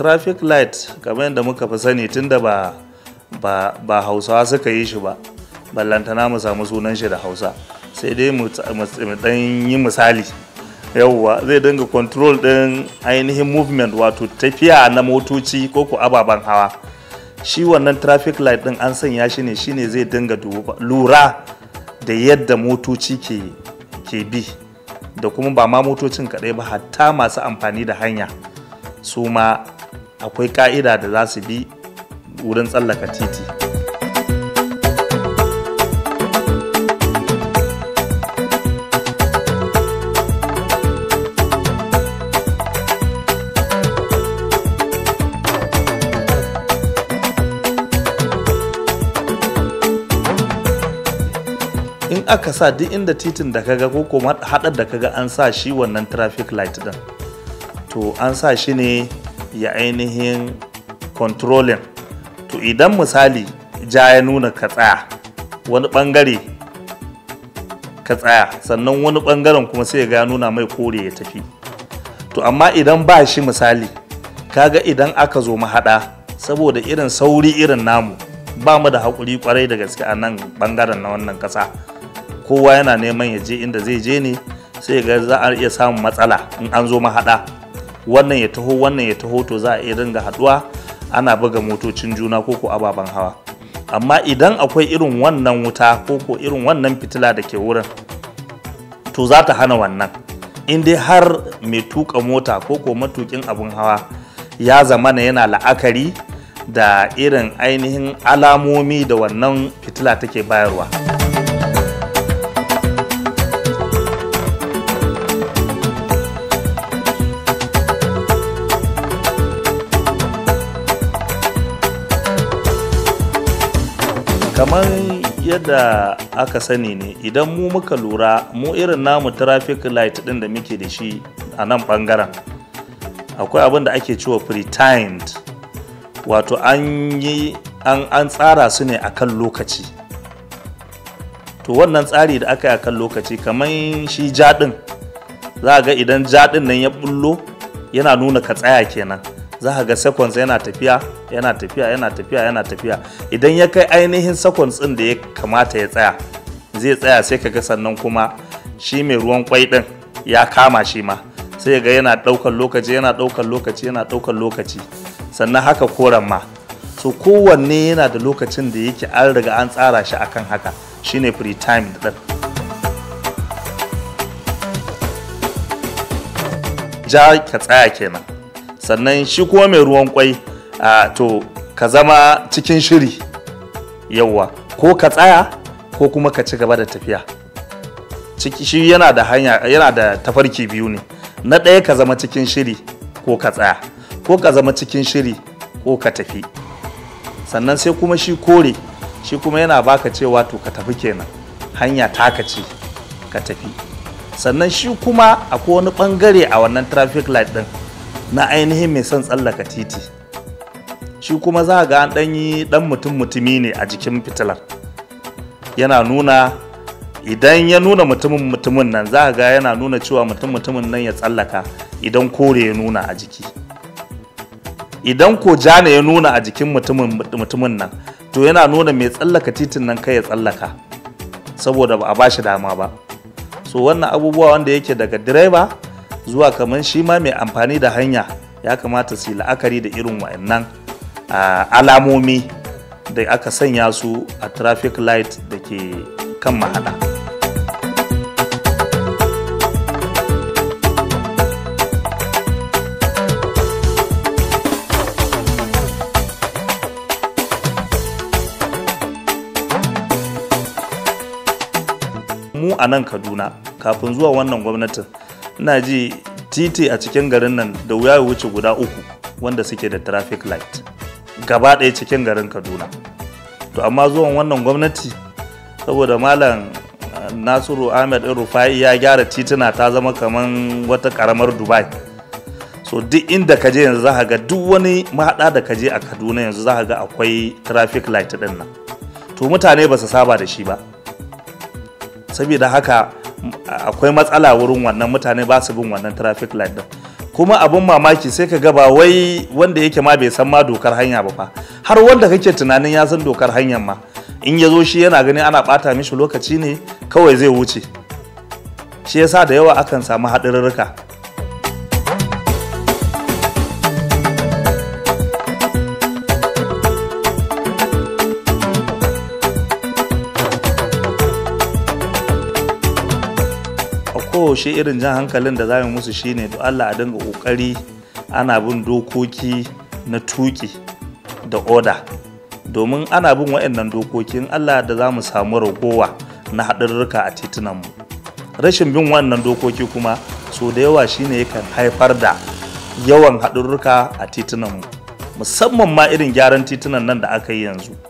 traffic light kamar yadda muka fi sani tun da ba ba hausawa suka yi shi ba ballantana mu samu sunan shi da hausa sai dai mu dan yi misali yauwa zai dinga control din ainihin movement wato tafiya na motoci ko ku ababen hawa shi wannan traffic light din an sanya shi ne shine zai dinga lura da yadda motoci ke bi da kuma ba ma motocin kadai ba hatta masu amfani da hanya su ma akwai ka'ida da za su bi wurin tsallaka titi in aka sa duk inda titin da kaga ko kuma haɗar da kaga an sa shi wannan traffic light din to an sa shi ne ya ainihin controlling to idan misali ja ya nuna ka tsaya wani bangare ka tsaya sannan wani bangaren kuma sai ga ya nuna mai kore ya tafi to amma idan ba shi misali kaga idan aka zo mahaɗa saboda irin sauri irin namu ba mu da haƙuri kwarai da gaske a nan bangaren na wannan ƙasa kowa yana neman ya je inda zai je ne sai ga za a iya samun matsala in an zo mahaɗa wannan ya taho wannan ya taho to za a iya ringa haduwa ana buga motocin juna ko ko ababen hawa amma idan akwai irin wannan wuta ko irin wannan fitila da ke wurin to za ta hana wannan in dai har mai tuka mota ko ko matukin abin hawa ya zamana yana la'akari da irin ainihin alamomi da wannan fitila take bayarwa. kamar yadda aka sani ne idan mu muka lura mu irin namu traffic light din da muke da shi a nan bangaren akwai abin da ake cewa pre-timed wato an yi an tsara su ne akan lokaci to wannan tsari da aka yi akan lokaci kamar shi jaɗin za a ga idan jaɗin nan ya bullo yana nuna ka tsaya kenan za ka ga seconds yana tafiya yana tafiya yana tafiya yana tafiya idan ya kai ainihin seconds ɗin da ya kamata ya tsaya zai tsaya sai ka ga sannan kuma shi mai ruwan kwai ɗin ya kama shi ma sai ga yana ɗaukar lokaci yana ɗaukar lokaci yana ɗaukar lokaci sannan haka koren ma so kowanne yana da lokacin da yake an riga an tsara shi akan haka shine free time ɗin ja ka tsaya kenan sannan shi kuma mai ruwan kwai to ka zama cikin shiri yauwa ko ka tsaya ko kuma ka ci gaba da tafiya shi yana da tafarki biyu ne na ɗaya ka zama cikin shiri ko ka tsaya ko ka zama cikin shiri ko ka tafi sannan sai kuma shi kore shi kuma yana baka cewa to ka tafi kenan hanya ta ka ce ka tafi sannan shi kuma akwai wani bangare a wannan traffic light din na ainihin mai son tsallaka titi shi kuma za ga an ɗanyi ɗan mutum mutumi ne a jikin fitilar yana nuna idan ya nuna mutumin mutumin nan za ga yana nuna cewa mutum mutumin nan ya tsallaka idan kore ya nuna a jiki idan ko jana ya nuna a jikin mutumin nan to yana nuna mai tsallaka titin nan kai ya tsallaka saboda ba a ba shi dama ba so wannan abubuwa wanda yake daga direba zuwa kamar shi ma mai amfani da hanya ya kamata su yi la'akari da irin wa'annan alamomi da aka sanya su a traffic light da ke kan mahala. mu a nan kaduna kafin zuwa wannan gwamnatin ina ji titi a cikin garin nan da wuya ya wuce guda uku wanda suke da traffic light gaba ɗaya cikin garin kaduna to amma zuwan wannan gwamnati saboda malam eh, nasiru ahmed rufai ya gyara tituna ta zama kamar wata karamar dubai so duk inda ka je yanzu za ga duk wani mahaɗa da ka je a kaduna yanzu za ga akwai traffic light ɗin nan to mutane ba su saba da shi ba saboda haka akwai matsala wurin wannan mutane ba su bin wannan traffic light din kuma abin mamaki sai ka ga ba wai wanda yake ma bai san ma dokar hanya ba fa har wanda kake tunanin ya san dokar hanyar ma in ya zo shi yana ganin ana bata mishi lokaci ne kawai zai wuce shi yasa da yawa akan samu haɗarurruka a kowace irin jan hankalin da za mu musu shine to Allah a dinga kokari ana bin dokoki na tuki da oda domin ana bin waɗannan dokokin Allah da za mu samu ragowa na haɗarurruka a titunan mu. rashin bin wannan dokoki kuma so da yawa shine yakan haifar da yawan haɗarurruka a titunan mu, musamman ma irin gyaran titunan nan da aka yi yanzu